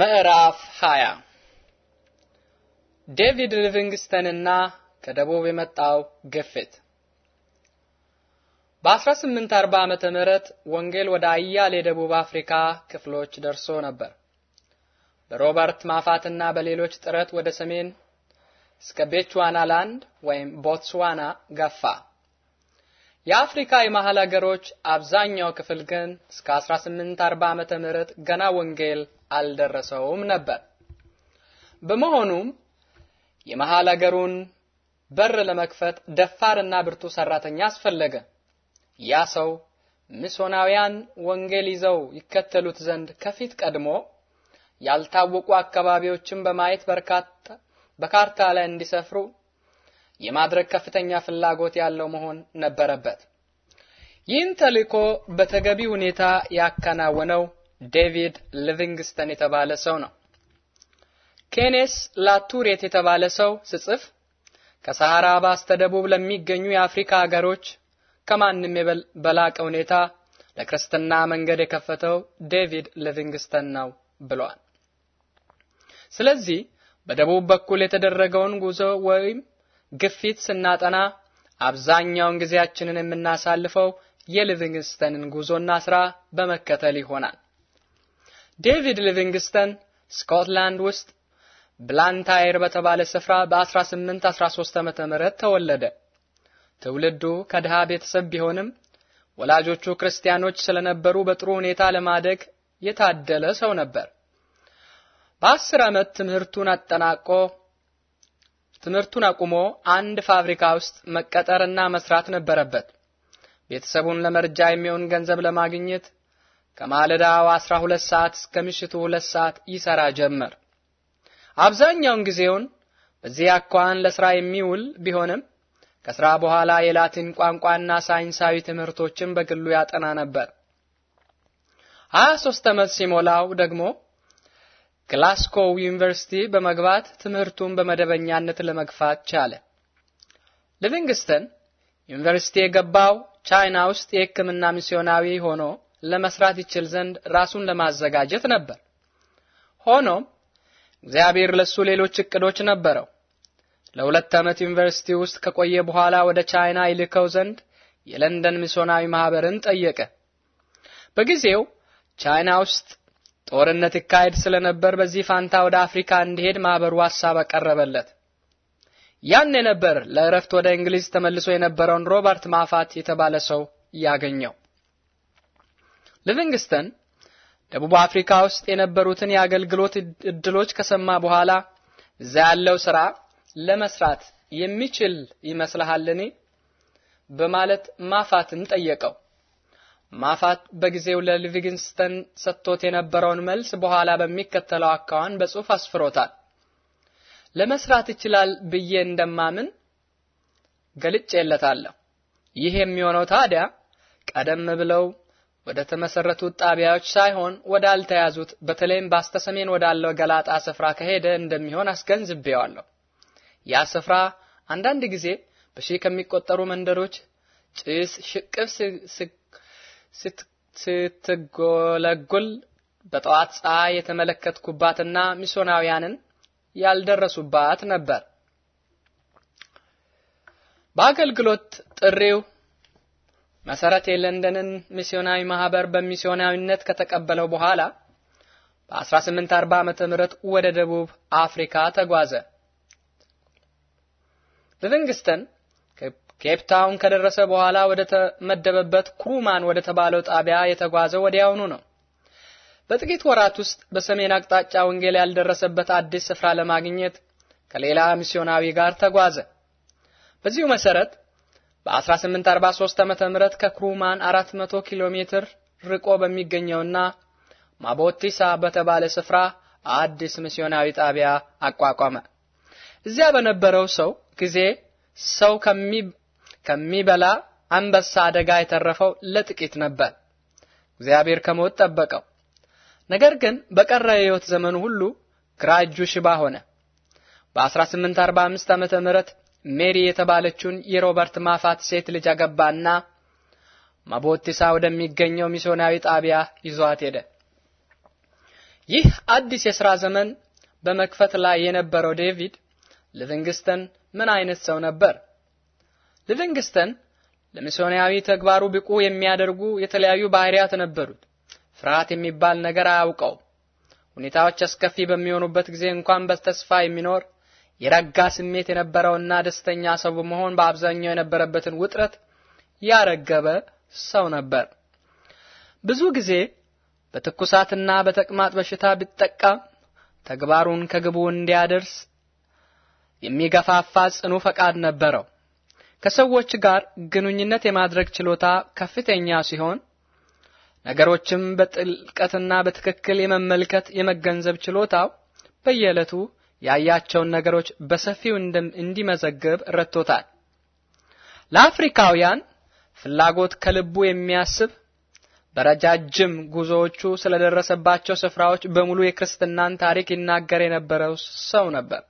ምዕራፍ 20 ዴቪድ ሊቪንግስተንና ከደቡብ የመጣው ግፊት በ1840 ዓመተ ምህረት ወንጌል ወደ አያሌ የደቡብ አፍሪካ ክፍሎች ደርሶ ነበር። በሮበርት ማፋትና በሌሎች ጥረት ወደ ሰሜን እስከ ቤቹዋናላንድ ወይም ቦትስዋና ገፋ። የአፍሪካ የመሃል ሀገሮች አብዛኛው ክፍል ግን እስከ 1840 ዓመተ ምህረት ገና ወንጌል አልደረሰውም ነበር። በመሆኑም የመሃል አገሩን በር ለመክፈት ደፋርና ብርቱ ሰራተኛ አስፈለገ። ያ ሰው ሚስዮናውያን ወንጌል ይዘው ይከተሉት ዘንድ ከፊት ቀድሞ ያልታወቁ አካባቢዎችን በማየት በርካታ በካርታ ላይ እንዲሰፍሩ የማድረግ ከፍተኛ ፍላጎት ያለው መሆን ነበረበት። ይህን ተልእኮ በተገቢ ሁኔታ ያከናወነው ዴቪድ ሊቪንግስተን የተባለ ሰው ነው። ኬኔስ ላቱሬት የተባለ ሰው ስጽፍ ከሰሃራ በስተደቡብ ለሚገኙ የአፍሪካ ሀገሮች ከማንም በላቀ ሁኔታ ለክርስትና መንገድ የከፈተው ዴቪድ ሊቪንግስተን ነው ብሏል። ስለዚህ በደቡብ በኩል የተደረገውን ጉዞ ወይም ግፊት ስናጠና አብዛኛውን ጊዜያችንን የምናሳልፈው የሊቪንግስተንን ጉዞና ስራ በመከተል ይሆናል። ዴቪድ ሊቪንግስተን ስኮትላንድ ውስጥ ብላንታየር በተባለ ስፍራ በ1813 ዓመተ ምህረት ተወለደ። ትውልዱ ከድሃ ቤተሰብ ቢሆንም ወላጆቹ ክርስቲያኖች ስለነበሩ በጥሩ ሁኔታ ለማደግ የታደለ ሰው ነበር። በአስር ዓመት ትምህርቱን አጠናቆ ትምህርቱን አቁሞ አንድ ፋብሪካ ውስጥ መቀጠርና መስራት ነበረበት። ቤተሰቡን ለመርጃ የሚሆን ገንዘብ ለማግኘት ከማለዳው 12 ሰዓት እስከ ምሽቱ 2 ሰዓት ይሰራ ጀመር። አብዛኛውን ጊዜውን በዚህ አኳን ለስራ የሚውል ቢሆንም ከስራ በኋላ የላቲን ቋንቋና ሳይንሳዊ ትምህርቶችን በግሉ ያጠና ነበር። 23 ዓመት ሲሞላው ደግሞ ግላስኮው ዩኒቨርሲቲ በመግባት ትምህርቱን በመደበኛነት ለመግፋት ቻለ። ሊቪንግስተን ዩኒቨርሲቲ የገባው ቻይና ውስጥ የሕክምና ሚስዮናዊ ሆኖ ለመስራት ይችል ዘንድ ራሱን ለማዘጋጀት ነበር። ሆኖም እግዚአብሔር ለሱ ሌሎች እቅዶች ነበረው። ለሁለት ዓመት ዩኒቨርሲቲ ውስጥ ከቆየ በኋላ ወደ ቻይና ይልከው ዘንድ የለንደን ሚስዮናዊ ማህበርን ጠየቀ። በጊዜው ቻይና ውስጥ ጦርነት ይካሄድ ስለነበር በዚህ ፋንታ ወደ አፍሪካ እንዲሄድ ማህበሩ ሐሳብ አቀረበለት። ያን ነበር ለእረፍት ወደ እንግሊዝ ተመልሶ የነበረውን ሮበርት ማፋት የተባለ ሰው ያገኘው። ሊቪንግስተን ደቡብ አፍሪካ ውስጥ የነበሩትን የአገልግሎት እድሎች ከሰማ በኋላ እዛ ያለው ስራ ለመስራት የሚችል ይመስልሃልን? በማለት ማፋትን ጠየቀው። ማፋት በጊዜው ለሊቪንግስተን ሰጥቶት የነበረውን መልስ በኋላ በሚከተለው አካዋን በጽሑፍ አስፍሮታል። ለመስራት ይችላል ብዬ እንደማምን ገልጬለታለሁ። ይህ የሚሆነው ታዲያ ቀደም ብለው ወደ ተመሰረቱት ጣቢያዎች ሳይሆን ወዳልተያዙት በተለይም ባስተሰሜን ወዳለው ገላጣ ስፍራ ከሄደ እንደሚሆን አስገንዝቤዋለሁ። ያ ስፍራ አንዳንድ ጊዜ በሺህ ከሚቆጠሩ መንደሮች ጭስ ሽቅብ ስትጎለጉል በጠዋት ፀሐይ የተመለከትኩባትና ሚስዮናውያንን ያልደረሱባት ነበር። በአገልግሎት ጥሪው መሰረት የለንደንን ሚስዮናዊ ማህበር በሚስዮናዊነት ከተቀበለው በኋላ በ1840 ዓመተ ምህረት ወደ ደቡብ አፍሪካ ተጓዘ። ሊቪንግስተን ኬፕ ታውን ከደረሰ በኋላ ወደ ተመደበበት ኩሩማን ወደ ተባለው ጣቢያ የተጓዘ ወዲያውኑ ነው። በጥቂት ወራት ውስጥ በሰሜን አቅጣጫ ወንጌል ያልደረሰበት አዲስ ስፍራ ለማግኘት ከሌላ ሚስዮናዊ ጋር ተጓዘ። በዚሁ መሰረት በ1843 ዓመተ ምህረት ከክሩማን 400 ኪሎ ሜትር ርቆ በሚገኘውና ማቦቲሳ በተባለ ስፍራ አዲስ ሚስዮናዊ ጣቢያ አቋቋመ። እዚያ በነበረው ሰው ጊዜ ሰው ከሚበላ አንበሳ አደጋ የተረፈው ለጥቂት ነበር። እግዚአብሔር ከሞት ጠበቀው። ነገር ግን በቀረ የሕይወት ዘመኑ ሁሉ ግራ እጁ ሽባ ሆነ። በ1845 ዓመተ ምህረት ሜሪ የተባለችውን የሮበርት ማፋት ሴት ልጅ አገባና ማቦቲሳ ወደሚገኘው ሚስዮናዊ ጣቢያ ይዟት ሄደ። ይህ አዲስ የሥራ ዘመን በመክፈት ላይ የነበረው ዴቪድ ሊቪንግስተን ምን አይነት ሰው ነበር? ልቪንግስተን ለሚስዮናዊ ተግባሩ ብቁ የሚያደርጉ የተለያዩ ባህሪያት ነበሩት። ፍርሃት የሚባል ነገር አያውቀው ሁኔታዎች አስከፊ በሚሆኑበት ጊዜ እንኳን በተስፋ የሚኖር የረጋ ስሜት የነበረውና ደስተኛ ሰው በመሆን በአብዛኛው የነበረበትን ውጥረት ያረገበ ሰው ነበር። ብዙ ጊዜ በትኩሳትና በተቅማጥ በሽታ ቢጠቃም ተግባሩን ከግቡ እንዲያደርስ የሚገፋፋ ጽኑ ፈቃድ ነበረው። ከሰዎች ጋር ግንኙነት የማድረግ ችሎታ ከፍተኛ ሲሆን ነገሮችም በጥልቀትና በትክክል የመመልከት የመገንዘብ ችሎታው በየዕለቱ ያያቸውን ነገሮች በሰፊው እንዲመዘግብ ረድቶታል። ለአፍሪካውያን ፍላጎት ከልቡ የሚያስብ በረጃጅም ጉዞዎቹ ስለደረሰባቸው ስፍራዎች በሙሉ የክርስትናን ታሪክ ይናገር የነበረው ሰው ነበር።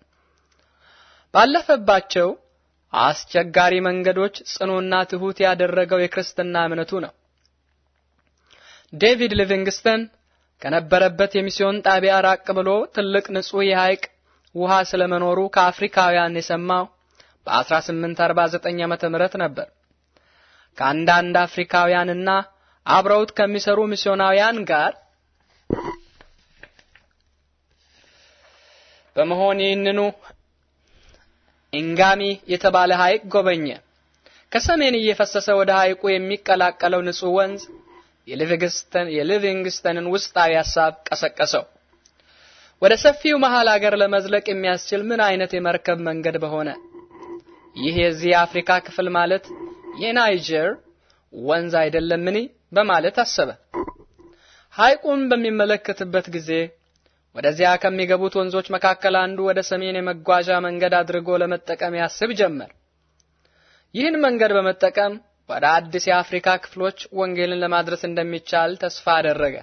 ባለፈባቸው አስቸጋሪ መንገዶች ጽኑና ትሑት ያደረገው የክርስትና እምነቱ ነው። ዴቪድ ሊቪንግስተን ከነበረበት የሚስዮን ጣቢያ ራቅ ብሎ ትልቅ ንጹሕ የሐይቅ ውሃ ስለመኖሩ ከአፍሪካውያን የሰማው በ1849 ዓመተ ምህረት ነበር። ከአንዳንድ አፍሪካውያንና አብረውት ከሚሰሩ ሚስዮናውያን ጋር በመሆን ይህንኑ ኢንጋሚ የተባለ ሐይቅ ጎበኘ። ከሰሜን እየፈሰሰ ወደ ሐይቁ የሚቀላቀለው ንጹህ ወንዝ የሊቪንግስተንን ውስጣዊ ሐሳብ ቀሰቀሰው። ወደ ሰፊው መሃል አገር ለመዝለቅ የሚያስችል ምን አይነት የመርከብ መንገድ በሆነ። ይህ የዚህ የአፍሪካ ክፍል ማለት የናይጀር ወንዝ አይደለምን? በማለት አሰበ። ሐይቁን በሚመለከትበት ጊዜ ወደዚያ ከሚገቡት ወንዞች መካከል አንዱ ወደ ሰሜን የመጓዣ መንገድ አድርጎ ለመጠቀም ያስብ ጀመር። ይህን መንገድ በመጠቀም ወደ አዲስ የአፍሪካ ክፍሎች ወንጌልን ለማድረስ እንደሚቻል ተስፋ አደረገ።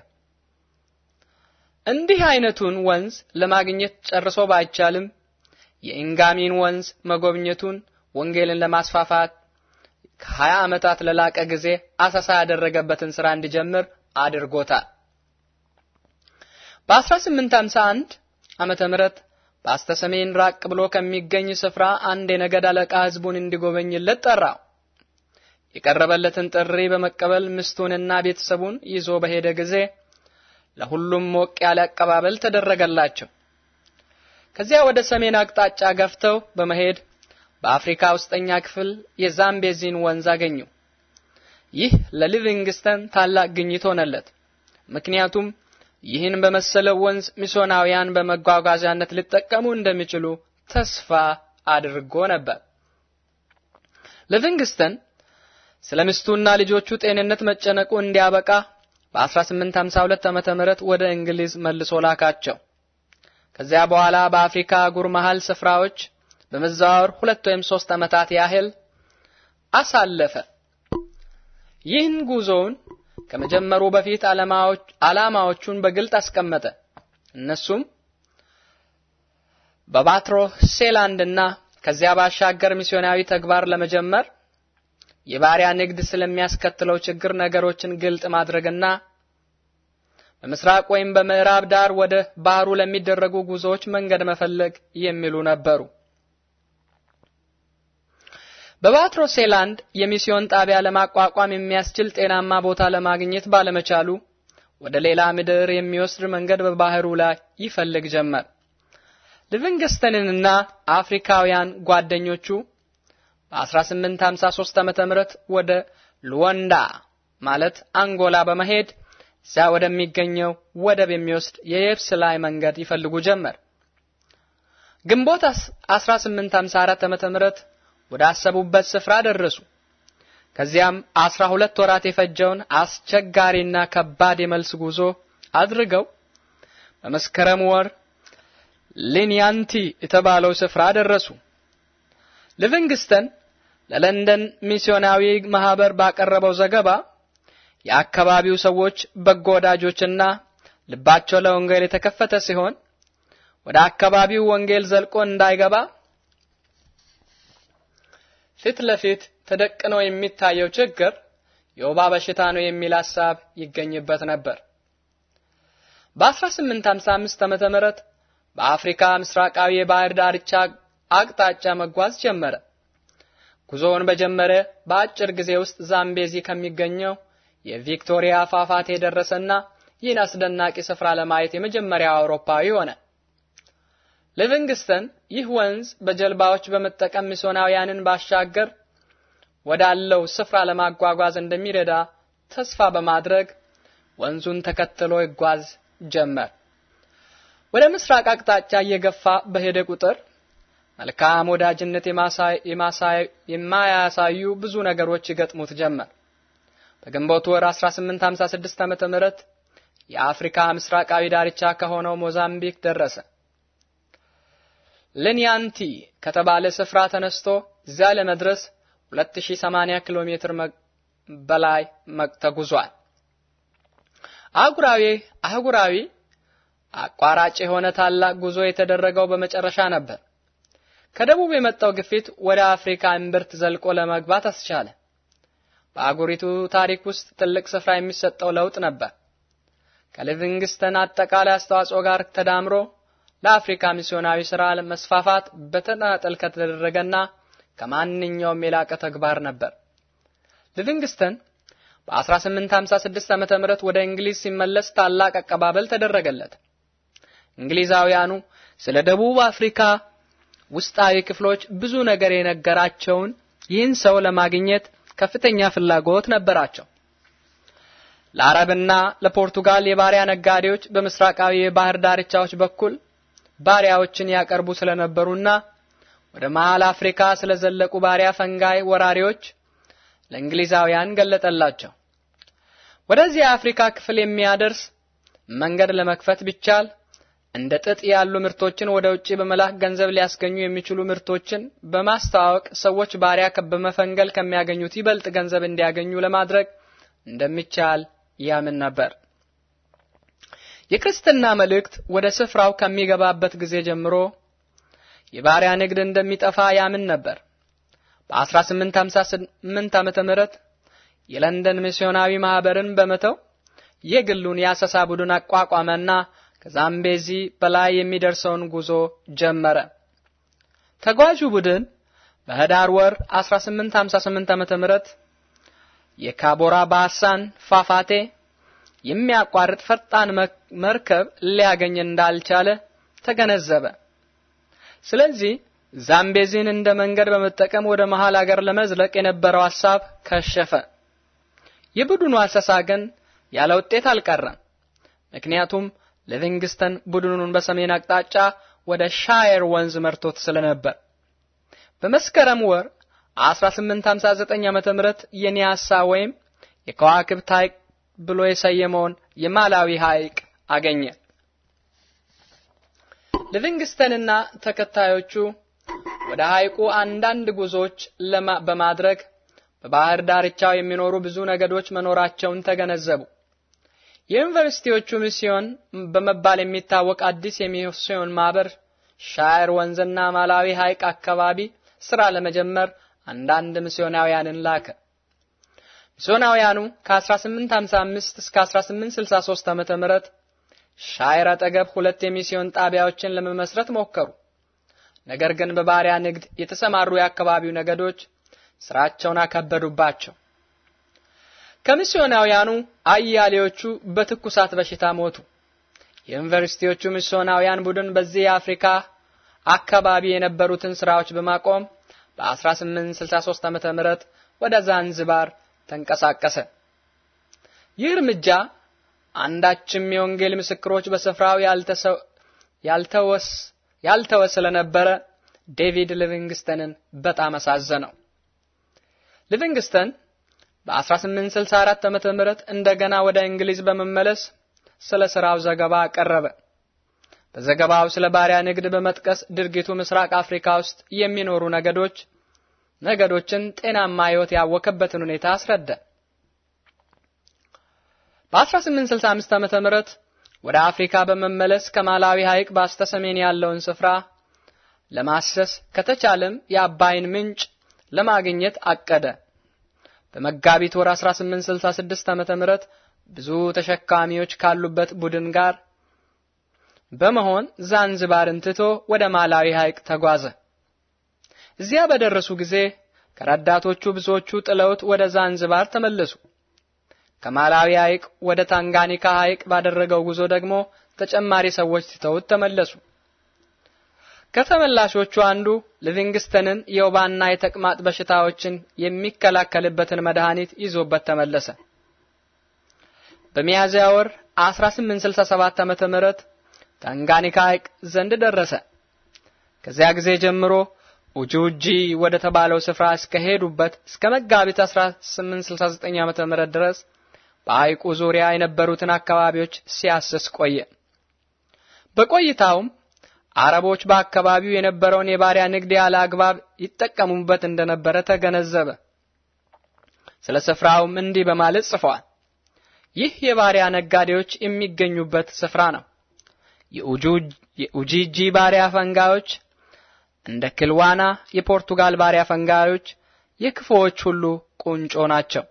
እንዲህ አይነቱን ወንዝ ለማግኘት ጨርሶ ባይቻልም የኢንጋሚን ወንዝ መጎብኘቱን ወንጌልን ለማስፋፋት ከ20 ዓመታት ለላቀ ጊዜ አሰሳ ያደረገበትን ስራ እንዲጀምር አድርጎታል። በ1851 ዓመተ ምህረት ሰሜን ራቅ ብሎ ከሚገኝ ስፍራ አንድ የነገድ አለቃ ህዝቡን እንዲጎበኝለት ጠራው። የቀረበለትን ጥሪ በመቀበል ምስቱንና ቤተሰቡን ይዞ በሄደ ጊዜ ለሁሉም ሞቅ ያለ አቀባበል ተደረገላቸው። ከዚያ ወደ ሰሜን አቅጣጫ ገፍተው በመሄድ በአፍሪካ ውስጠኛ ክፍል የዛምቤዚን ወንዝ አገኙ። ይህ ለሊቪንግስተን ታላቅ ግኝት ሆነለት። ምክንያቱም ይህን በመሰለው ወንዝ ሚስዮናውያን በመጓጓዣነት ሊጠቀሙ እንደሚችሉ ተስፋ አድርጎ ነበር። ሊቪንግስተን ስለ ሚስቱና ልጆቹ ጤንነት መጨነቁ እንዲያበቃ በ1852 ዓመተ ምህረት ወደ እንግሊዝ መልሶ ላካቸው። ከዚያ በኋላ በአፍሪካ አህጉር መሃል ስፍራዎች በመዛወር ሁለት ወይም ሶስት ዓመታት ያህል አሳለፈ። ይህን ጉዞውን ከመጀመሩ በፊት ዓላማዎቹን በግልጥ አስቀመጠ። እነሱም በባትሮ ሴላንድና ከዚያ ባሻገር ሚስዮናዊ ተግባር ለመጀመር የባሪያ ንግድ ስለሚያስከትለው ችግር ነገሮችን ግልጥ ማድረግና በምስራቅ ወይም በምዕራብ ዳር ወደ ባህሩ ለሚደረጉ ጉዞዎች መንገድ መፈለግ የሚሉ ነበሩ። በባትሮሴላንድ የሚስዮን ጣቢያ ለማቋቋም የሚያስችል ጤናማ ቦታ ለማግኘት ባለመቻሉ ወደ ሌላ ምድር የሚወስድ መንገድ በባህሩ ላይ ይፈልግ ጀመር። ሊቪንግስተንንና አፍሪካውያን ጓደኞቹ በ1853 ዓ.ም ወደ ሉዋንዳ ማለት አንጎላ በመሄድ እዚያ ወደሚገኘው ወደብ የሚወስድ የየብስ ላይ መንገድ ይፈልጉ ጀመር። ግንቦት 1854 ዓመተ ምህረት ወደ አሰቡበት ስፍራ ደረሱ። ከዚያም 12 ወራት የፈጀውን አስቸጋሪና ከባድ የመልስ ጉዞ አድርገው በመስከረም ወር ሊኒያንቲ የተባለው ስፍራ ደረሱ። ሊቪንግስተን ለለንደን ሚስዮናዊ ማህበር ባቀረበው ዘገባ የአካባቢው ሰዎች በጎ ወዳጆችና ልባቸው ለወንጌል የተከፈተ ሲሆን ወደ አካባቢው ወንጌል ዘልቆ እንዳይገባ ፊት ለፊት ተደቅኖ የሚታየው ችግር የወባ በሽታ ነው የሚል ሐሳብ ይገኝበት ነበር። በ1855 ዓመተ ምህረት በአፍሪካ ምስራቃዊ የባህር ዳርቻ አቅጣጫ መጓዝ ጀመረ። ጉዞውን በጀመረ በአጭር ጊዜ ውስጥ ዛምቤዚ ከሚገኘው የቪክቶሪያ ፏፏቴ የደረሰና ይህን አስደናቂ ስፍራ ለማየት የመጀመሪያው አውሮፓዊ ሆነ። ሊቪንግስተን ይህ ወንዝ በጀልባዎች በመጠቀም ሚስዮናውያንን ባሻገር ወዳለው ስፍራ ለማጓጓዝ እንደሚረዳ ተስፋ በማድረግ ወንዙን ተከትሎ ይጓዝ ጀመር። ወደ ምስራቅ አቅጣጫ እየገፋ በሄደ ቁጥር መልካም ወዳጅነት የማያሳዩ ብዙ ነገሮች ይገጥሙት ጀመር። በግንቦት ወር 1856 ዓመተ ምህረት የአፍሪካ ምስራቃዊ ዳርቻ ከሆነው ሞዛምቢክ ደረሰ። ልንያንቲ ከተባለ ስፍራ ተነስቶ እዚያ ለመድረስ 2080 ኪሎ ሜትር በላይ ተጉዟል። አህጉራዊ አህጉራዊ አቋራጭ የሆነ ታላቅ ጉዞ የተደረገው በመጨረሻ ነበር። ከደቡብ የመጣው ግፊት ወደ አፍሪካ እምብርት ዘልቆ ለመግባት አስቻለ። በአገሪቱ ታሪክ ውስጥ ትልቅ ስፍራ የሚሰጠው ለውጥ ነበር። ከሊቪንግስተን አጠቃላይ አስተዋጽኦ ጋር ተዳምሮ ለአፍሪካ ሚስዮናዊ ስራ መስፋፋት በተናጠል ከተደረገና ከማንኛውም የላቀ ተግባር ነበር። ሊቪንግስተን በ1856 ዓመተ ምህረት ወደ እንግሊዝ ሲመለስ ታላቅ አቀባበል ተደረገለት። እንግሊዛውያኑ ስለ ደቡብ አፍሪካ ውስጣዊ ክፍሎች ብዙ ነገር የነገራቸውን ይህን ሰው ለማግኘት ከፍተኛ ፍላጎት ነበራቸው። ለአረብና ለፖርቱጋል የባሪያ ነጋዴዎች በምስራቃዊ የባህር ዳርቻዎች በኩል ባሪያዎችን ያቀርቡ ስለነበሩና ወደ መሃል አፍሪካ ስለዘለቁ ባሪያ ፈንጋይ ወራሪዎች ለእንግሊዛውያን ገለጠላቸው። ወደዚህ የአፍሪካ ክፍል የሚያደርስ መንገድ ለመክፈት ቢቻል እንደ ጥጥ ያሉ ምርቶችን ወደ ውጪ በመላክ ገንዘብ ሊያስገኙ የሚችሉ ምርቶችን በማስተዋወቅ ሰዎች ባሪያ በመፈንገል ከሚያገኙት ይበልጥ ገንዘብ እንዲያገኙ ለማድረግ እንደሚቻል ያምን ነበር። የክርስትና መልእክት ወደ ስፍራው ከሚገባበት ጊዜ ጀምሮ የባሪያ ንግድ እንደሚጠፋ ያምን ነበር። በ1858 ዓመተ ምህረት የለንደን ሚስዮናዊ ማህበርን በመተው የግሉን የአሰሳ ቡድን አቋቋመና ከዛምቤዚ በላይ የሚደርሰውን ጉዞ ጀመረ። ተጓዡ ቡድን በህዳር ወር 1858 ዓመተ ምህረት የካቦራ ባሳን ፏፏቴ የሚያቋርጥ ፈጣን መርከብ ሊያገኝ እንዳልቻለ ተገነዘበ። ስለዚህ ዛምቤዚን እንደ መንገድ በመጠቀም ወደ መሃል አገር ለመዝለቅ የነበረው ሐሳብ ከሸፈ። የቡድኑ አሰሳ ግን ያለ ውጤት አልቀረም። ምክንያቱም ሊቪንግስተን ቡድኑን በሰሜን አቅጣጫ ወደ ሻየር ወንዝ መርቶት ስለነበር በመስከረም ወር 1859 ዓመተ ምህረት የኒያሳ ወይም የከዋክብት ሐይቅ ብሎ የሰየመውን የማላዊ ሐይቅ አገኘ። ሊቪንግስተንና ተከታዮቹ ወደ ሐይቁ አንዳንድ ጉዞዎች በማድረግ በባህር ዳርቻው የሚኖሩ ብዙ ነገዶች መኖራቸውን ተገነዘቡ። የዩኒቨርሲቲዎቹ ሚስዮን በመባል የሚታወቅ አዲስ የሚስዮን ማህበር ሻየር ወንዝና ማላዊ ሐይቅ አካባቢ ስራ ለመጀመር አንዳንድ ሚስዮናውያንን ላከ። ሚስዮናውያኑ ከ1855 እስከ 1863 ዓመተ ምህረት ሻየር አጠገብ ሁለት የሚስዮን ጣቢያዎችን ለመመስረት ሞከሩ። ነገር ግን በባሪያ ንግድ የተሰማሩ የአካባቢው ነገዶች ስራቸውን አከበዱባቸው። ከሚስዮናውያኑ አያሌዎቹ በትኩሳት በሽታ ሞቱ። የዩኒቨርሲቲዎቹ ሚስዮናውያን ቡድን በዚህ የአፍሪካ አካባቢ የነበሩትን ስራዎች በማቆም በ1863 ዓመተ ምህረት ወደ ዛንዝባር ተንቀሳቀሰ። ይህ እርምጃ አንዳችም የወንጌል ምስክሮች በስፍራው ያልተወ ስለነበረ ዴቪድ ሊቪንግስተንን በጣም አሳዘነው። ሊቪንግስተን በ1864 ዓመተ ምህረት እንደገና ወደ እንግሊዝ በመመለስ ስለ ስራው ዘገባ አቀረበ። በዘገባው ስለ ባሪያ ንግድ በመጥቀስ ድርጊቱ ምስራቅ አፍሪካ ውስጥ የሚኖሩ ነገዶች ነገዶችን ጤናማ ህይወት ያወከበትን ሁኔታ አስረዳ። በ1865 ዓመተ ምህረት ወደ አፍሪካ በመመለስ ከማላዊ ሐይቅ በስተሰሜን ያለውን ስፍራ ለማሰስ ከተቻለም የአባይን ምንጭ ለማግኘት አቀደ። በመጋቢት ወር 1866 ዓመተ ምህረት ብዙ ተሸካሚዎች ካሉበት ቡድን ጋር በመሆን ዛንዝባርን ትቶ ወደ ማላዊ ሐይቅ ተጓዘ። እዚያ በደረሱ ጊዜ ከረዳቶቹ ብዙዎቹ ጥለውት ወደ ዛንዝባር ተመለሱ። ከማላዊ ሐይቅ ወደ ታንጋኒካ ሐይቅ ባደረገው ጉዞ ደግሞ ተጨማሪ ሰዎች ትተውት ተመለሱ። ከተመላሾቹ አንዱ ሊቪንግስተንን የወባና የተቅማጥ በሽታዎችን የሚከላከልበትን መድኃኒት ይዞበት ተመለሰ። በሚያዝያ ወር 1867 ዓመተ ምህረት ታንጋኒካ ሐይቅ ዘንድ ደረሰ። ከዚያ ጊዜ ጀምሮ ኡጁጂ ወደ ተባለው ስፍራ እስከሄዱበት እስከ መጋቢት 1869 ዓመተ ምህረት ድረስ በሐይቁ ዙሪያ የነበሩትን አካባቢዎች ሲያስስ ቆየ። በቆይታውም አረቦች በአካባቢው የነበረውን የባሪያ ንግድ ያለ አግባብ ይጠቀሙበት እንደነበረ ተገነዘበ። ስለ ስፍራውም እንዲህ በማለት ጽፏል። ይህ የባሪያ ነጋዴዎች የሚገኙበት ስፍራ ነው። የኡጂጂ ባሪያ ፈንጋዮች እንደ ክልዋና የፖርቱጋል ባሪያ ፈንጋዮች የክፉዎች ሁሉ ቁንጮ ናቸው።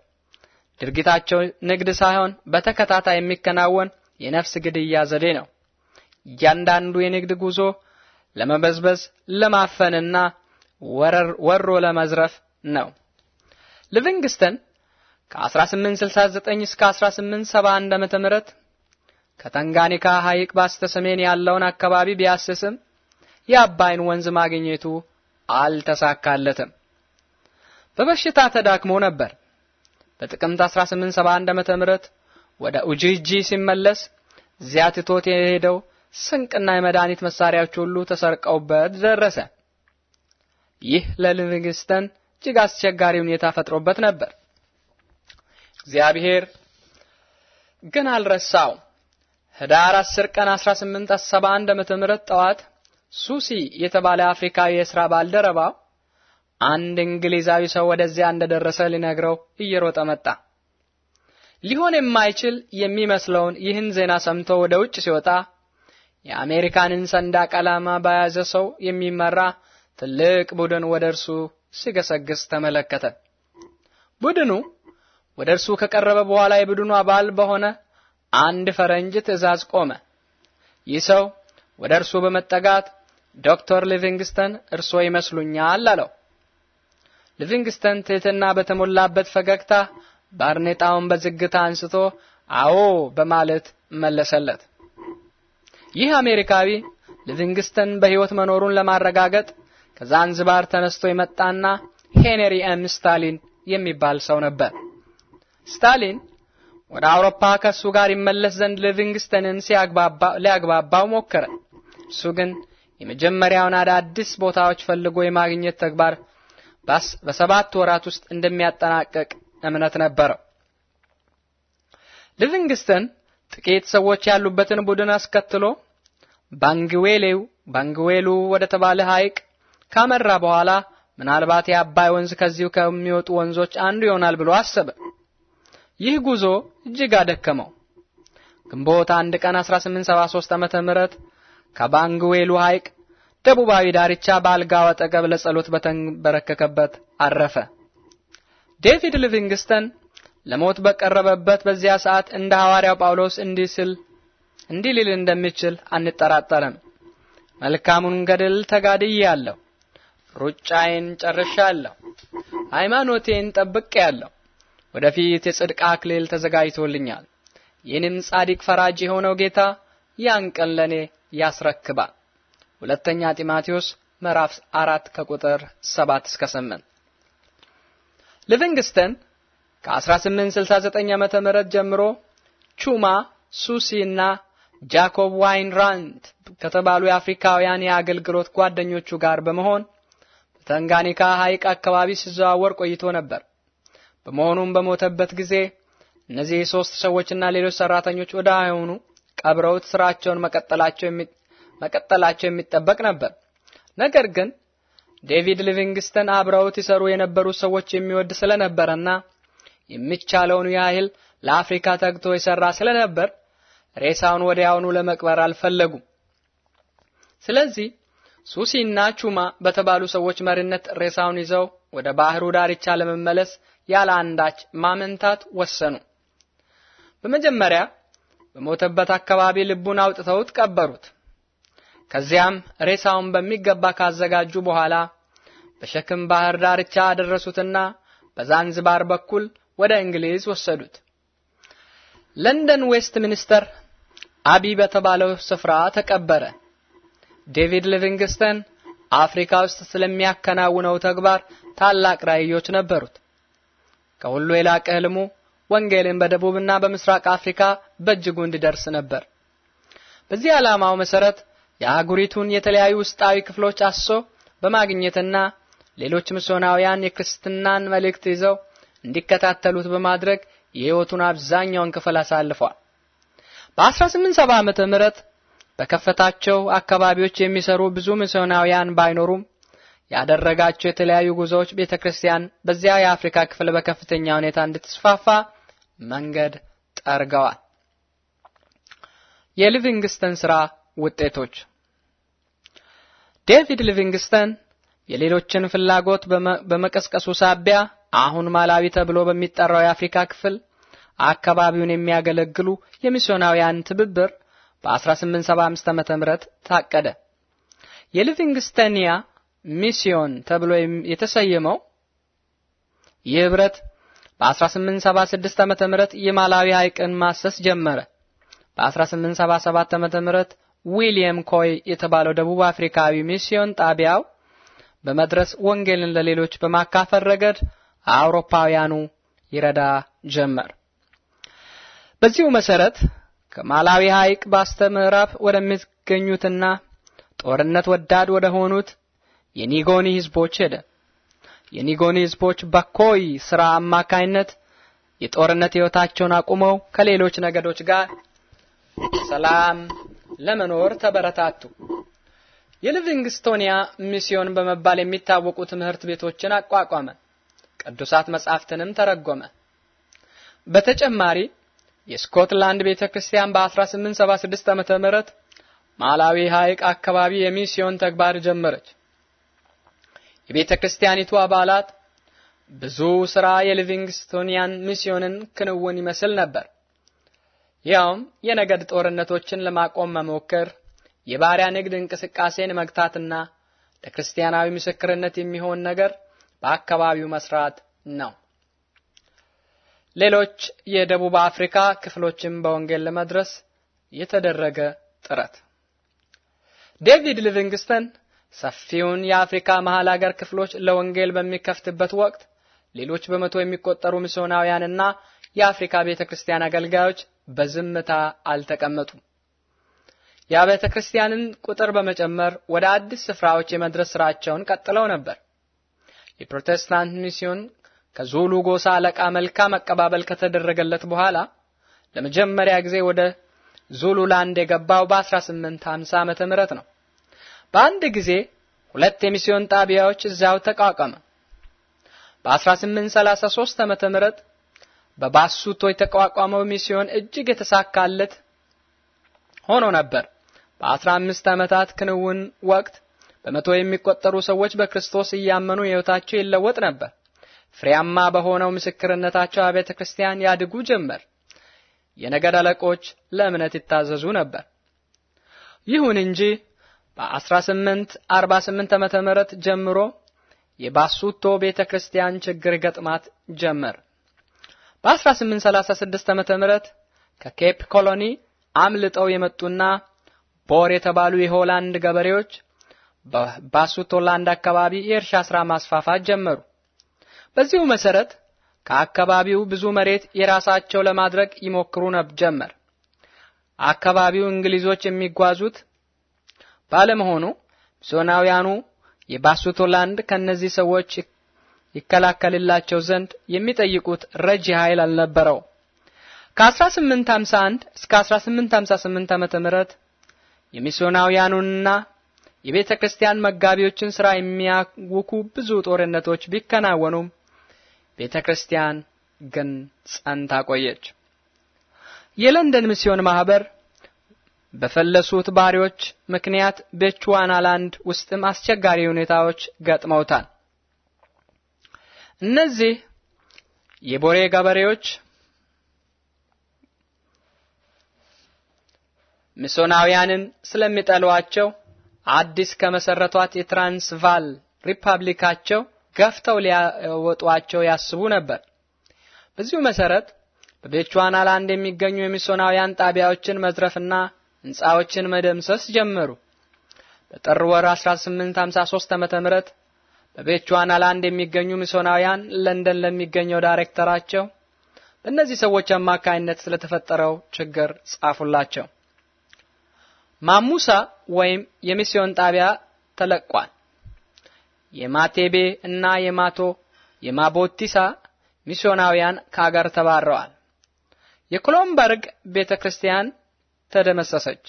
ድርጊታቸው ንግድ ሳይሆን በተከታታይ የሚከናወን የነፍስ ግድያ ዘዴ ነው። እያንዳንዱ የንግድ ጉዞ ለመበዝበዝ ለማፈንና ወሮ ለመዝረፍ ነው። ሊቪንግስተን ከ1869 እስከ 1871 ዓመተ ምህረት ከተንጋኒካ ሐይቅ ባስተ ሰሜን ያለውን አካባቢ ቢያስስም የአባይን ወንዝ ማግኘቱ አልተሳካለትም። በበሽታ ተዳክሞ ነበር። በጥቅምት 1871 ዓመተ ምህረት ወደ ኡጂጂ ሲመለስ እዚያ ትቶት የሄደው ስንቅና የመድኃኒት መሳሪያዎች ሁሉ ተሰርቀውበት ደረሰ። ይህ ለልንግስተን እጅግ አስቸጋሪ ሁኔታ ፈጥሮበት ነበር። እግዚአብሔር ግን አልረሳው። ህዳር 10 ቀን 1871 ዓመተ ምህረት ጠዋት ሱሲ የተባለ አፍሪካዊ የሥራ ባልደረባው አንድ እንግሊዛዊ ሰው ወደዚያ እንደደረሰ ሊነግረው እየሮጠ መጣ። ሊሆን የማይችል የሚመስለውን ይህን ዜና ሰምቶ ወደ ውጭ ሲወጣ የአሜሪካንን ሰንደቅ ዓላማ በያዘ ሰው የሚመራ ትልቅ ቡድን ወደ እርሱ ሲገሰግስ ተመለከተ። ቡድኑ ወደ እርሱ ከቀረበ በኋላ የቡድኑ አባል በሆነ አንድ ፈረንጅ ትዕዛዝ ቆመ። ይህ ሰው ወደ እርሱ በመጠጋት ዶክተር ሊቪንግስተን እርሶ ይመስሉኛል አለው። ሊቪንግስተን ትህትና በተሞላበት ፈገግታ ባርኔጣውን በዝግታ አንስቶ አዎ በማለት መለሰለት። ይህ አሜሪካዊ ሊቪንግስተን በሕይወት መኖሩን ለማረጋገጥ ከዛንዝባር ተነስቶ የመጣና ሄንሪ ኤም ስታሊን የሚባል ሰው ነበር። ስታሊን ወደ አውሮፓ ከእሱ ጋር ይመለስ ዘንድ ሊቪንግስተንን ሊያግባባው ሞከረ። እሱ ግን የመጀመሪያውን አዳዲስ ቦታዎች ፈልጎ የማግኘት ተግባር በሰባት ወራት ውስጥ እንደሚያጠናቀቅ እምነት ነበረው። ሊቪንግስተን ጥቂት ሰዎች ያሉበትን ቡድን አስከትሎ ባንግዌሌው ባንግዌሉ ወደ ተባለ ሐይቅ ካመራ በኋላ ምናልባት የአባይ ወንዝ ከዚሁ ከሚወጡ ወንዞች አንዱ ይሆናል ብሎ አሰበ። ይህ ጉዞ እጅግ አደከመው። ግንቦት አንድ ቀን 1873 ዓመተ ምህረት ከባንግዌሉ ሐይቅ ደቡባዊ ዳርቻ በአልጋው አጠገብ ለጸሎት በተንበረከከበት አረፈ። ዴቪድ ሊቪንግስተን ለሞት በቀረበበት በዚያ ሰዓት እንደ ሐዋርያው ጳውሎስ እንዲህ ሲል እንዲህ ሊል እንደሚችል አንጠራጠርም። መልካሙን ገድል ተጋድያለሁ፣ ሩጫዬን ጨርሻለሁ፣ ሃይማኖቴን ወደ ወደፊት የጽድቅ አክሊል ተዘጋጅቶልኛል። ይህንም ጻድቅ ፈራጅ የሆነው ጌታ ያን ቀን ለእኔ ያስረክባል። ሁለተኛ ጢማቴዎስ ምዕራፍ አራት ከቁጥር ሰባት እስከ ስምንት ሊቪንግስተን ከ1869 ዓመተ ምህረት ጀምሮ ቹማ ሱሲ እና ጃኮብ ዋይንራንት ከተባሉ የአፍሪካውያን የአገልግሎት ጓደኞቹ ጋር በመሆን በተንጋኒካ ሐይቅ አካባቢ ሲዘዋወር ቆይቶ ነበር። በመሆኑም በሞተበት ጊዜ እነዚህ ሶስት ሰዎችና ሌሎች ሰራተኞች ወደ አይሆኑ ቀብረውት ስራቸውን መቀጠላቸው የሚጠበቅ ነበር። ነገር ግን ዴቪድ ሊቪንግስተን አብረውት ይሰሩ የነበሩ ሰዎች የሚወድ ስለነበረና የሚቻለውን ያህል ለአፍሪካ ተግቶ የሰራ ስለነበር ሬሳውን ወዲያውኑ ለመቅበር አልፈለጉም። ስለዚህ ሱሲና ቹማ በተባሉ ሰዎች መሪነት ሬሳውን ይዘው ወደ ባህሩ ዳርቻ ለመመለስ ያለ አንዳች ማመንታት ወሰኑ። በመጀመሪያ በሞተበት አካባቢ ልቡን አውጥተውት ቀበሩት። ከዚያም ሬሳውን በሚገባ ካዘጋጁ በኋላ በሸክም ባህር ዳርቻ አደረሱትና በዛንዝባር በኩል ወደ እንግሊዝ ወሰዱት። ለንደን ዌስት ሚኒስተር አቢ በተባለው ስፍራ ተቀበረ። ዴቪድ ሊቪንግስተን አፍሪካ ውስጥ ስለሚያከናውነው ተግባር ታላቅ ራዕዮች ነበሩት። ከሁሉ የላቀ ህልሙ ወንጌልን በደቡብና በምስራቅ አፍሪካ በእጅጉ እንዲደርስ ነበር። በዚህ ዓላማው መሰረት የአህጉሪቱን የተለያዩ ውስጣዊ ክፍሎች አሶ በማግኘትና ሌሎች ምሶናውያን የክርስትናን መልእክት ይዘው እንዲከታተሉት በማድረግ የህይወቱን አብዛኛውን ክፍል አሳልፏል። በ1870 ዓመተ ምህረት በከፈታቸው አካባቢዎች የሚሰሩ ብዙ ሚስዮናውያን ባይኖሩም ያደረጋቸው የተለያዩ ጉዞዎች ቤተክርስቲያን በዚያ የአፍሪካ ክፍል በከፍተኛ ሁኔታ እንድትስፋፋ መንገድ ጠርገዋል። የሊቪንግስተን ስራ ውጤቶች ዴቪድ ሊቪንግስተን የሌሎችን ፍላጎት በመቀስቀሱ ሳቢያ አሁን ማላዊ ተብሎ በሚጠራው የአፍሪካ ክፍል አካባቢውን የሚያገለግሉ የሚስዮናውያን ትብብር በ1875 ዓ.ም ምህረት ታቀደ። የሊቪንግስተኒያ ሚስዮን ተብሎ የተሰየመው ይህ ህብረት በ1876 ዓመተ ምህረት የማላዊ ሐይቅን ማሰስ ጀመረ። በ1877 ዓም ምህረት ዊሊየም ኮይ የተባለው ደቡብ አፍሪካዊ ሚስዮን ጣቢያው በመድረስ ወንጌልን ለሌሎች በማካፈል ረገድ አውሮፓውያኑ ይረዳ ጀመር። በዚሁ መሰረት ከማላዊ ሐይቅ ባስተ ምዕራፍ ወደሚገኙትና ጦርነት ወዳድ ወደ ሆኑት የኒጎኒ ህዝቦች ሄደ። የኒጎኒ ህዝቦች በኮይ ስራ አማካይነት የጦርነት ህይወታቸውን አቁመው ከሌሎች ነገዶች ጋር ሰላም ለመኖር ተበረታቱ። የሊቪንግስቶኒያ ሚስዮን በመባል የሚታወቁ ትምህርት ቤቶችን አቋቋመ፣ ቅዱሳት መጻሕፍትንም ተረጎመ። በተጨማሪ የስኮትላንድ ቤተክርስቲያን በ1876 ዓመተ ምህረት ማላዊ ሐይቅ አካባቢ የሚስዮን ተግባር ጀመረች። የቤተክርስቲያኒቱ አባላት ብዙ ስራ የሊቪንግስቶኒያን ሚስዮንን ክንውን ይመስል ነበር። ያውም የነገድ ጦርነቶችን ለማቆም መሞከር የባሪያ ንግድ እንቅስቃሴን መግታትና ለክርስቲያናዊ ምስክርነት የሚሆን ነገር በአካባቢው መስራት ነው። ሌሎች የደቡብ አፍሪካ ክፍሎችን በወንጌል ለመድረስ የተደረገ ጥረት ዴቪድ ሊቪንግስተን ሰፊውን የአፍሪካ መሀል አገር ክፍሎች ለወንጌል በሚከፍትበት ወቅት ሌሎች በመቶ የሚቆጠሩ ሚስዮናውያንና የአፍሪካ ቤተክርስቲያን አገልጋዮች በዝምታ አልተቀመጡም። የአብያተ ክርስቲያንን ቁጥር በመጨመር ወደ አዲስ ስፍራዎች የመድረስ ስራቸውን ቀጥለው ነበር። የፕሮቴስታንት ሚስዮን ከዙሉ ጎሳ አለቃ መልካም አቀባበል ከተደረገለት በኋላ ለመጀመሪያ ጊዜ ወደ ዙሉላንድ የገባው በ1850 ዓመተ ምህረት ነው። በአንድ ጊዜ ሁለት የሚስዮን ጣቢያዎች እዚያው ተቋቋመ። በ1833 ዓመተ ምህረት በባሱቶ የተቋቋመው ሚስዮን እጅግ የተሳካለት ሆኖ ነበር። በአስራ አምስት ዓመታት ክንውን ወቅት በመቶ የሚቆጠሩ ሰዎች በክርስቶስ እያመኑ ሕይወታቸው ይለወጥ ነበር። ፍሬያማ በሆነው ምስክርነታቸው አብያተ ክርስቲያን ያድጉ ጀመር። የነገድ አለቆች ለእምነት ይታዘዙ ነበር። ይሁን እንጂ በ1848 ዓመተ ምህረት ጀምሮ የባሱቶ ቤተ ክርስቲያን ችግር ገጥማት ጀመር። በ1836 ዓመተ ምህረት ከኬፕ ኮሎኒ አምልጠው የመጡና ቦር የተባሉ የሆላንድ ገበሬዎች በባሱቶላንድ አካባቢ የእርሻ ስራ ማስፋፋት ጀመሩ። በዚሁ መሰረት ከአካባቢው ብዙ መሬት የራሳቸው ለማድረግ ይሞክሩ ጀመር። አካባቢው እንግሊዞች የሚጓዙት ባለመሆኑ ሚስዮናውያኑ የባሱቶላንድ ከነዚህ ሰዎች ይከላከልላቸው ዘንድ የሚጠይቁት ረጂ ኃይል አልነበረው። ከ1851 እስከ 1858 ዓመተ ምህረት የሚስዮናውያኑንና የቤተ ክርስቲያን መጋቢዎችን ሥራ የሚያውኩ ብዙ ጦርነቶች ቢከናወኑም ቤተ ክርስቲያን ግን ጸንታ ቆየች። የለንደን ሚስዮን ማህበር በፈለሱት ባሪዎች ምክንያት በቹዋናላንድ ውስጥም አስቸጋሪ ሁኔታዎች ገጥመውታል። እነዚህ የቦሬ ገበሬዎች ምሶናውያንን ስለሚጠሏቸው አዲስ ከመሰረቷት የትራንስቫል ሪፐብሊካቸው ገፍተው ሊያወጧቸው ያስቡ ነበር። በዚሁ መሰረት በቤቹዋናላንድ የሚገኙ የሚሶናውያን ጣቢያዎችን መዝረፍና ህንፃዎችን መደምሰስ ጀመሩ። በጥር ወር 1853 ዓመተ ምህረት በቤቹዋናላንድ የሚገኙ ሚሶናውያን ለንደን ለሚገኘው ዳይሬክተራቸው በእነዚህ ሰዎች አማካይነት ስለተፈጠረው ችግር ጻፉላቸው። ማሙሳ ወይም የሚስዮን ጣቢያ ተለቋል። የማቴቤ እና የማቶ የማቦቲሳ ሚስዮናውያን ከሀገር ተባረዋል። የኮሎምበርግ ቤተክርስቲያን ተደመሰሰች።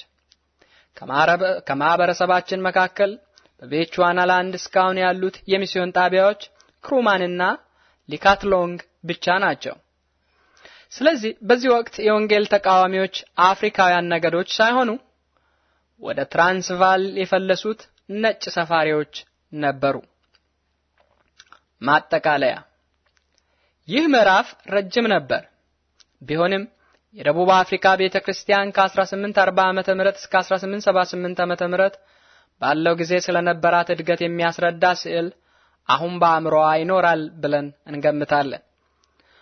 ከማህበረሰባችን መካከል ላንድ እስካሁን ያሉት የሚስዮን ጣቢያዎች ክሩማንና ሊካትሎንግ ብቻ ናቸው። ስለዚህ በዚህ ወቅት የወንጌል ተቃዋሚዎች አፍሪካውያን ነገዶች ሳይሆኑ ወደ ትራንስቫል የፈለሱት ነጭ ሰፋሪዎች ነበሩ። ማጠቃለያ ይህ ምዕራፍ ረጅም ነበር። ቢሆንም የደቡብ አፍሪካ ቤተ ክርስቲያን ከ1840 ዓመተ ም እስከ 1878 ዓመተ ባለው ጊዜ ስለነበራት እድገት የሚያስረዳ ስዕል አሁን በአእምሮዋ ይኖራል ብለን እንገምታለን።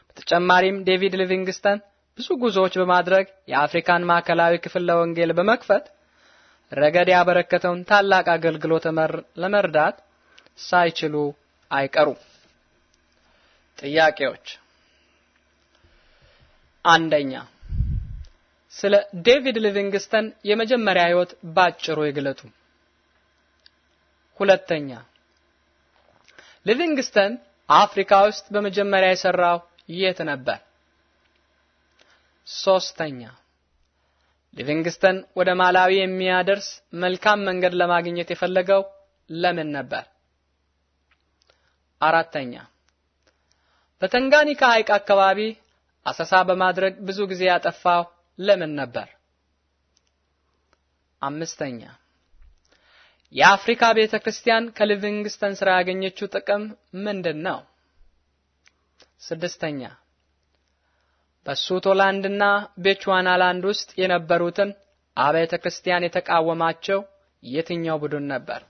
በተጨማሪም ዴቪድ ሊቪንግስተን ብዙ ጉዞዎች በማድረግ የአፍሪካን ማዕከላዊ ክፍል ለወንጌል በመክፈት ረገድ ያበረከተውን ታላቅ አገልግሎት ለመርዳት ሳይችሉ አይቀሩም። ጥያቄዎች፣ አንደኛ ስለ ዴቪድ ሊቪንግስተን የመጀመሪያ ህይወት ባጭሩ ይግለጡ። ሁለተኛ ሊቪንግስተን አፍሪካ ውስጥ በመጀመሪያ የሰራው የት ነበር? ሶስተኛ ሊቪንግስተን ወደ ማላዊ የሚያደርስ መልካም መንገድ ለማግኘት የፈለገው ለምን ነበር? አራተኛ በተንጋኒካ ሐይቅ አካባቢ አሰሳ በማድረግ ብዙ ጊዜ ያጠፋው ለምን ነበር? አምስተኛ የአፍሪካ ቤተ ክርስቲያን ከሊቪንግስተን ስራ ያገኘችው ጥቅም ምንድን ነው? ስድስተኛ በሱቶላንድና ቤቹዋናላንድ ውስጥ የነበሩትን አብያተ ክርስቲያን የተቃወማቸው የትኛው ቡድን ነበር?